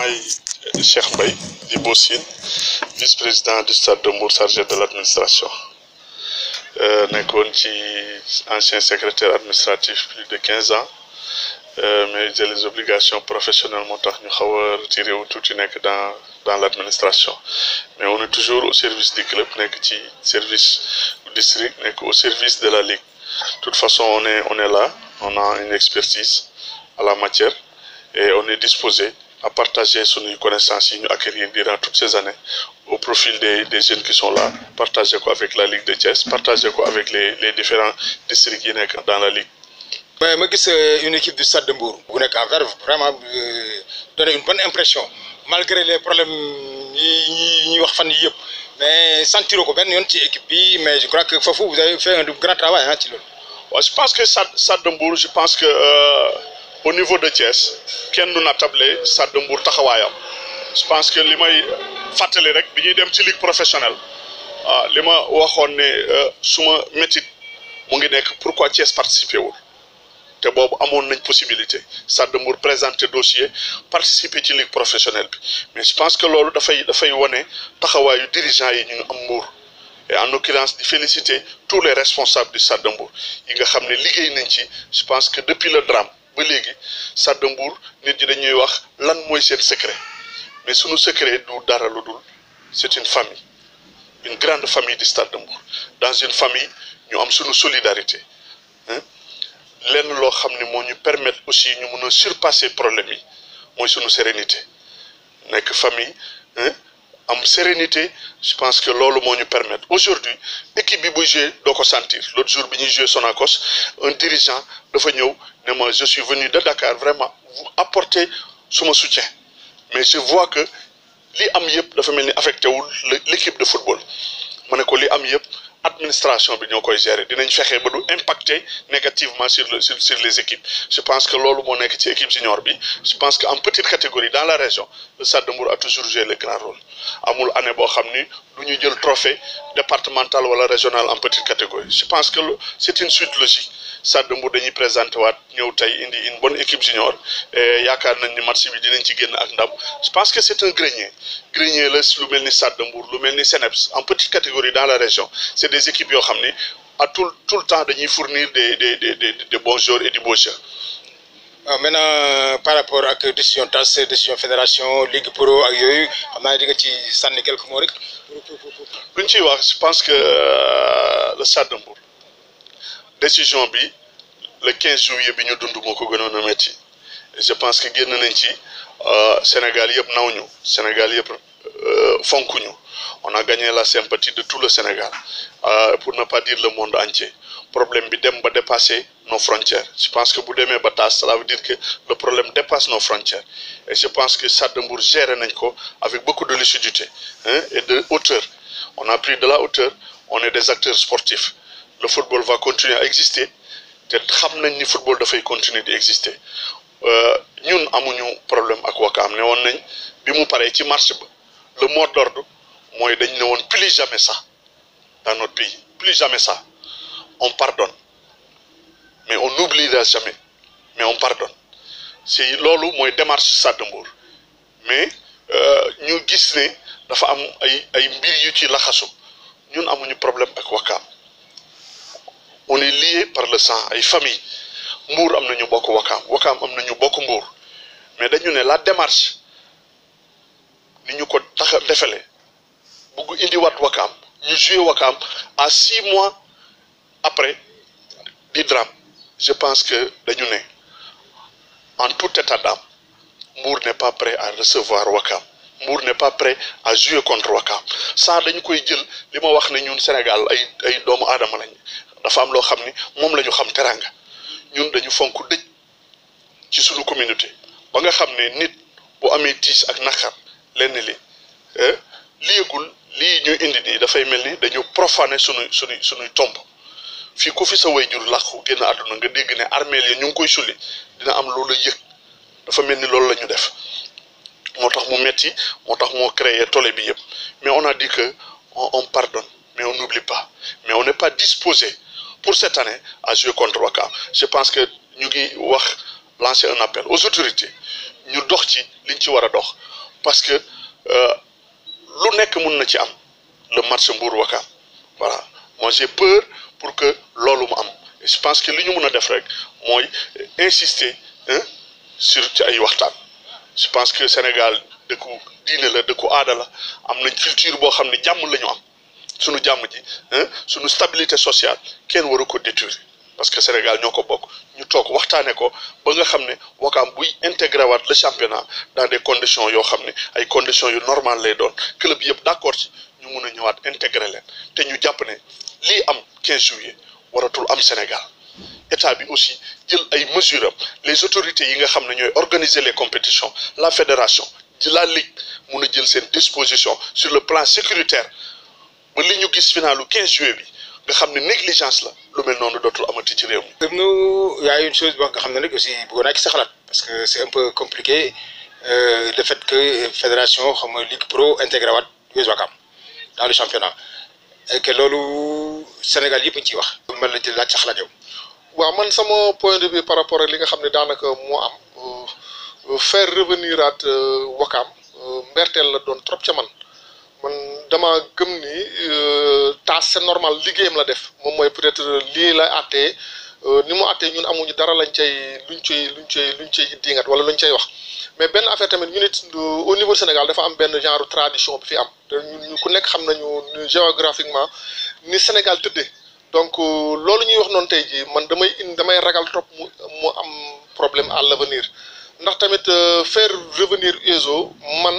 maay Cheikh Mbaye Dibosine, vice-président du stade de Mbour de l'administration Je euh, suis ancien secrétaire administratif plus de 15 ans euh, mais j'ai les obligations professionnelles moo retiré tout dans l'administration mais on est toujours au service du club au service service district au service de la ligue de toute façon on est on est là on a une expertise à la matière et on est disposé à partager son connaissance acquérir durant toutes ces années au profil des, des jeunes qui sont là, partager quoi avec la Ligue de Thiès, partager quoi avec les, les différents districts qui sont dans la Ligue. Mais moi, c'est euh, une équipe du de Mbourg. Vous n'êtes qu'à vraiment euh, donné une bonne impression, malgré les problèmes mais sans tirer ben yon ci équipe mais je crois que Fafou vous avez fait un grand travail hein, je pense que Stade je pense que euh, au niveau de Thiès ce que nous Stade de Mbour je pense que li may fàttali rek bi dem ci ligue professionnelle ah li ma waxoon ne euh, suma métit mu ngi nekk pourquoi Thiès participer wul il y a une possibilité Stade de Mbour le dossier participer ci ligue professionnelle mais je pense que loolu dafay dafay wane que dirigeant yi ñu am Mbour et en l'occurrence je féliciter tous les responsables de yi nga nañ je pense que depuis le drame ba léegi sàdd nit ñi dañuy wax lan moy seen secret mais sunu secret du dara lu dul c'est une famille une grande famille stade de Mbour dans une famille ñu am suñu solidarité hein. lenn lo xamni mo ñu permettre aussi ñu mun surpasser problème yi moy suñu sérénité nek famille hein, am sérénité je pense que lolu moo ñu permettre aujourd'hui équipe bi buy joué doko sentir l'autre jour bi ñuy son Sonacos un dirigeant dafa ñëw ne moi je suis venu de Dakar vraiment vous apporter suma soutien mais je vois que li am yépp dafa affecté l'équipe de football ma ko li am administration bi ñoo koy gérer dinañ fexe ba du impacter négativement sur le sur sur les équipes je pense que loolu moo nekk ci équipe junior bi je pense que en petite catégorie dans la région le Stade de Mbour a toujours joué le grand rôle amul année boo xam ni du ñu jël trophée départemental wala régional en petite catégorie je pense que c'est une suite logique Stade de Mbour dañuy présenté waat ñëw tey indi une bonne équipe junior yaakaar nañ ni match bi dinañ ci génn ak ndam je pense que c'est un grenier Grigné la lu en petite catégorie dans la région C'est des équipes qui ont à tout tout le temps de nous fournir des des des des bons jours et du beau jeu. Ah, maintenant par rapport à la décision la décision fédération ligue pro ak on a que di nga ci sànni quelques mots je pense que euh, le Sadembour décision bi le 15 juillet bi ñu dund moo ko je pense que les nañ ci euh, Sénégal euh, on a gagné la sympathie de tout le Sénégal euh, pour ne pas dire le monde entier Le problème va dépasser nos frontières je pense que bu demee ba cela veut dire que le problème dépasse nos frontières et je pense que ça gère avec beaucoup de lucidité hein, et de hauteur on a pris de la hauteur on est des acteurs sportifs le football va continuer à exister Le que ni football doit continuer d'exister. Euh, ñun amuñu problème ak wakam ne woon nañ bi mu ci ba le mot d'ordre mooy dañ néwon plus jamais ça dans notre pays plus jamais ça on pardonne mais on n'oubliera jamais mais on pardonne c'est lolu moy démarche Sade Mbour mais euh, ñu gis né dafa am ay ay mbir yu ci laxasu ñun amuñu problème ak wakam on est lié par le sang ay famille mbuur am na bokk wakaam wakaam am bokk mbuur mais dañu ne la démarche ni ñu ko tax a defale bugg indi wat wakaam ñu joué wakaam à six mois après di drame je pense que dañu ne en tout état d'âme Mour n'est pas prêt à recevoir Wakam Mour n'est pas prêt à jouer contre Wakam ça dañu koy jël li ma wax ne ñun Sénégal ay ay doomu aadama lañ dafa am loo xam ni moom la ñu xam teranga ñun dañu fonk dëj ci suñu communauté ba nga xam ne nit bu amee tiis ak naqar lenn li hein, li yëgul lii ñuy indi nii dafay mel ni dañu profané suñuy suñuy suñuy tomb fii ku fi sa wayjur làqu génn àdduna nga dégg ne armeel ya ñu ngi koy sulli dina am loolu yëg dafa mel ni loolu la ñu def moo tax mu metti moo tax moo créé tole bi yëpp mais on a dit que on pardonne mais on n'oublie pas mais on n'est pas disposé pour cette année à jouer contre Waka je pense que nous devons lancer un appel aux autorités Nous devons faire ce ci faut parce que euh, lu nekk mun ci am le match Mbour Waka voilà moi j'ai peur pour que loolu mu am je pense que nous devons def insister hein sur ci ay faire. je pense que Sénégal de coup, dîner, de coup, adala, am culture qui est très importante. la ñu sunu jàmm ji hein, sunu stabilité sociale kenn waru ko détruire parce que Sénégal ñoko bok ñu tok waxtaanee ko ba nga xamné wakam buy intégré le championnat dans des conditions yo xamné ay conditions yu normal lay doon club yëpp d'accord ci ñu mëna ñëwaat intégré leen té ñu japp né li am 15 juillet waratul am Sénégal état bi aussi jël ay mesures les autorités yi nga xamné ñoy organiser les compétitions la fédération la ligue mëna jël sen disposition sur le plan sécuritaire ba li ñu gis finalu 15 juillet bi nga xam ne négligence la lu mel noonu dootul amati ci réew mi. dem nu yaay une chose boo nga xam ne nag aussi bëggoon naa ci sa xalaat parce que c'est un peu compliqué euh, le fait que fédération xam nga ligue pro intégré waat US Ouakam dans le championnat et que loolu Sénégal yëpp ci wax. mel na ci laaj sa xalaat yow. waaw man sama point de vue par rapport ak li nga xam ne daanaka moo am. Euh, faire revenir at euh, wakam euh, mbertel la doon trop ca man man. dama gëm ni euh, tas c'est normal liggéeyam la def moom mooy peut-être lii la àttee euh, ni mu àttee ñun amuñu dara lañ cay luñ cay luñ cay luñ cay diingat wala luñ cay wax mais benn affaire tamit ñu nit au niveau Sénégal dafa am benn genre tradition bi fi am ñu ku nekk xam nañu géographiquement ni Sénégal tëddee donc euh, loolu ñuy wax noon tey jii man damay in damay ragal trop mu mu am problème à l'avenir ndax tamit faire revenir USO man.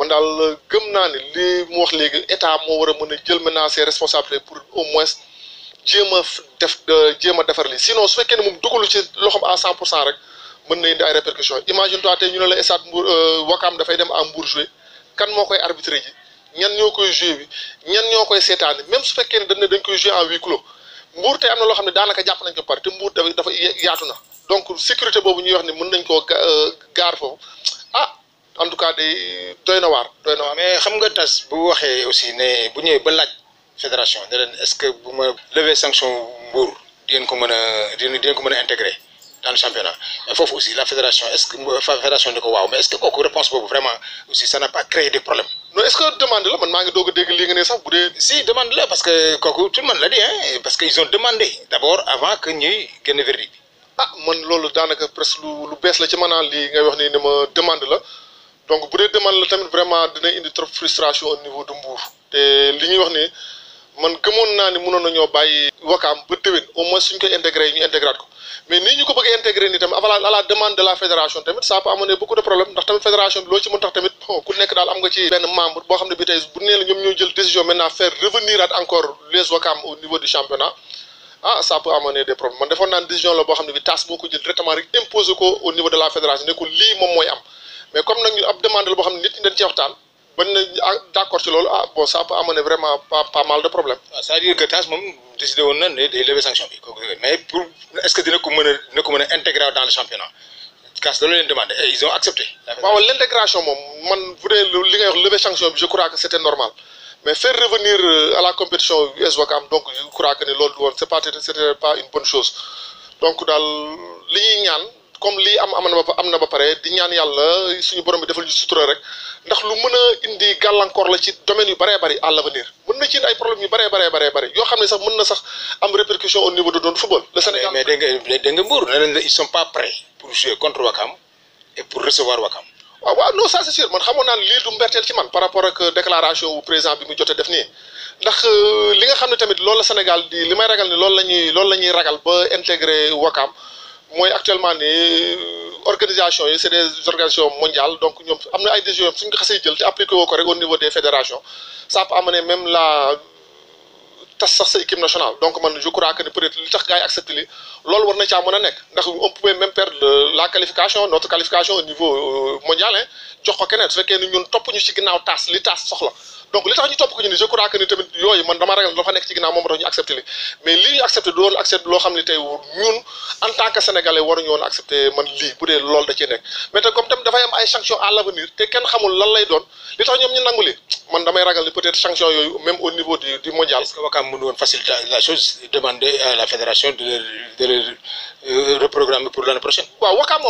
man daal euh, gëm naa ne li mu wax léegi état moo war a mën a jël maintenant ses responsabilités pour au moins jéem a def euh, jéem a defar lii sinon su fekkee ne moom dugalu ci loxoom à 100 pour cent rek mën na indi ay répercussions imagine toi tey ñu ne la stade Mbour euh, Wakaam dafay dem a Mbour jouer kan moo koy arbitré ji ñan ñoo koy joué bi ñan ñoo koy seetaan même su fekkee ne dañ ne dañ koy joué en huis clos Mbour tey am na loo xam ne daanaka jàpp nañ ko pare te Mbour dafa yaatu na donc sécurité boobu ñuy wax ne mën nañ koo gaar foofu en tout cas des doy na waar mais xam nga tas bu waxé aussi ne bu ñëw ba laaj fédération ne est-ce que bu ma lever sanction bour di ngeen ko mëna a di ko mëna intégrer dans le championnat mais foofu aussi la fédération est-ce que fédération ni ko waaw mais est-ce que kooku réponse boobu vraiment aussi ça n'a pas créé de problème non est-ce que demande la man maa ngi doog dégg li nga né sax bu dé si demande la parce que kooku tout le monde l'a dit hein parce que ils ont demandé d'abord avant que ñuy génn verdict ah man lolu daanaka presque lu lu bees la ci maanaam ah, lii ngay wax ni ma demande la donc bu dee demande la tamit vraiment dina indi trop frustration au niveau du Mbour te li ñuy wax ne man gëmoon naa ni mënoon nañoo bàyyi wakaam ba déwén au moins suñ koy intégré ñu intégré ko mais ni ñu ko bëgg a intégré nii tamit à la demande de la fédération tamit ça peut amener beaucoup de problèmes ndax tamit fédération bi loo ci mën tax tamit bon ku nekk daal am nga ci benn membre boo xam ne bi tey bu nee la ñoom ñoo jël décision maintenant faire revenir at encore les wakaam au niveau du championnat ah ça peut amener des problèmes man defoon naan décision la boo xam ne bi tas boo ko jël directement rek imposé ko au niveau de la fédération ne ko lii moom mooy am mais comme nag ñu ab demande la boo xam ne nit ñi dañ cee ah, d'accord ci loolu ah bon ça peut amener vraiment pas mal de problème. Ah, c'est-à-dire que TAS moom décidé woon ne day lever sanction mais pour est-ce que dina ko mën a dina ko mën a intégrer dans le championnat CAS da leen demandé et ils ont accepté. waaw l'intégration moom man bu dee li ngay wax je crois c'était normal. mais faire revenir euh, à la compétition US Ouakam donc je crois comme lii am am na ba am na ba pare di ñaan yàlla suñu borom bi defal ñu rek ndax lu mën a indi gàllankoor la ci domaine yu bëree bëri à l'avenir mën na ci indi ay problèmes yu bëree bëree bëri yoo xam ne sax mën na sax am répercussion on niveau de doon football. le Sénégal mais dégg nga waaw ah, waaw non ça c'est naa ne lii du mberteel ci man par rapport ak euh, déclaration bu président bi mu jotee def nii ndax euh, li nga xam ne tamit lool la Sénégal di li may ragal ni loolu la ñuy loolu la ñuy ragal ba intégré Wakam moi actuellement né euh, organisation c'est des organisations mondiales donc ñom amna ay décisions suñu ko jël té rek au niveau des fédérations ça peut amener même la euh, tasse sax sa équipe nationale donc man je crois que peut être li tax gars accepté li loolu war na caa mën nek ndax on pouvait même perdre la qualification notre qualification au niveau euh, mondial hein, jox ko keneen su fekkee ñun topp ñu ci ginnaw taas li taas soxla donc li tax ñu topp ko ñu ne je crois que ni tamit yooyu man dama ragal dafa nekk ci ginnaaw moom tax ñu accepté li mais li ñu accepté du doon accepté loo xam ne tey ñun en tant que sénégalais waruñu woon accepté nekk mais comme tamit dafay am ay sanctions à l'avenir te kenn xamul lan lay doon li tax ñoom ñu nangu li man damay ragal ni peut-être sanctions yooyu même au niveau du du mondial. est-ce woon faciliter la chose demander la fédération de de euh, reprogrammer pour l'année prochaine. waaw Wakam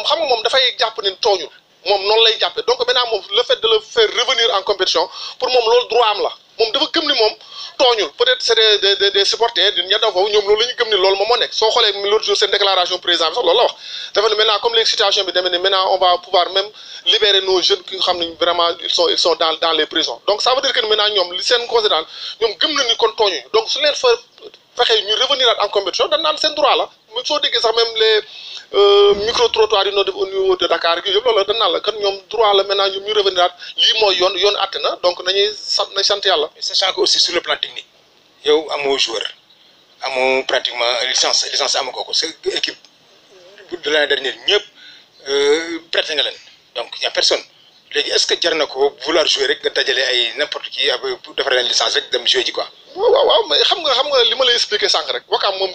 moom non lay donc maintenant le fait de le faire revenir en compétition pour moom loolu droit am la moom dafa gëm ni moom tooñul peut-être c'est des des des supporters di ña daw foofu ñoom loolu la ñu gëm ni on moom moo nekk soo l'autre jour seen déclaration président bi sax la wax dafa maintenant comme les situation bi maintenant on va pouvoir même libérer nos jeunes qui xam vraiment ils sont ils sont dans dans les prisons donc ça veut dire que maintenant ñoom li seen considérant ñoom gëm na ni kon tooñuñu donc su fait faire fexee ñu revenir en compétition dañ naan seen droit là soo déggee sax même les euh, micro trottoir yi noo def au niveau de Dakar ak yëpp loolu dañ naan la kan ñoom droit la maintenant ñoom ñu revenir aat lii mooy yoon yoon àtte na donc nañuy sant nañ sant yàlla. sachant que aussi sur le plan technique yow amoo joueur amoo pratiquement licence licence amoo ko ko sa équipe de l'année dernière ñëpp euh, prêté nga leen donc y a personne. léegi est-ce que jar na ko vouloir jouer rek nga dajale ay n'importe qui ab ah, defar leen licence rek dem jouer ji quoi. waaw waaw mais xam nga xam nga li ma lay expliquer sànq rek wakam moom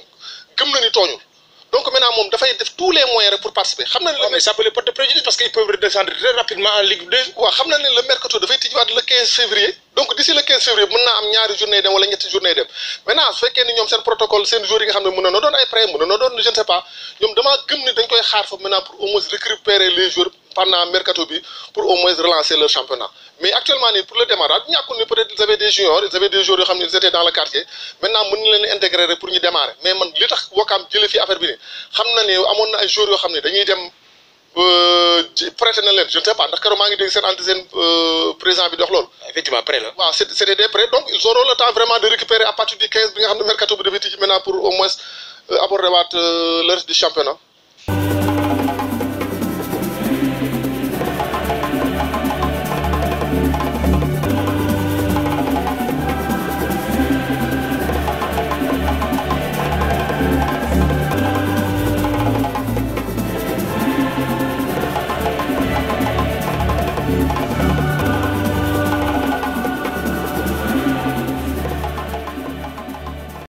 donc maintenant il faut def tous les moyens pour participer ne ne. mais ça peut les porter préjudice parce qu'ils peuvent redescendre très rapidement en Ligue 2. Oui, xam na le mercato le 15 février donc d'ici le 15 février mën naa am ñaari journée dem wala ñetti journée dem maintenant su fekkee ni ñoom seen protocole seen jour yi nga xam ne mën na doon ay prêt mën na doon je ne sais pas ñoom dama gëm ni dañ koy xaar foofu maintenant pour au moins récupérer les jours pendant mercato bi pour au moins relancer le championnat mais actuellement nii pour le démarrage ñàkkul ni peut-être ils avaient des juniors ils avaient des joueurs yoo xam ne ils étaient dans le quartier maintenant mën na leen intégrer rek pour ñu démarrer mais man li tax Wakaam jëlee fi affaire bi ni xam na ne amoon na ay joueurs yoo xam ne dañuy dem. Euh, prêté na leen je ne sais pas ndax keroog maa ngi dégg seen anti seen euh, président bi dox loolu. Ah, effectivement prêt là. waaw c'était des prêts donc ils auront le temps vraiment de récupérer à partir du 15 bi nga xam mercato de dafay maintenant pour au moins euh, aborder waat le reste du championnat.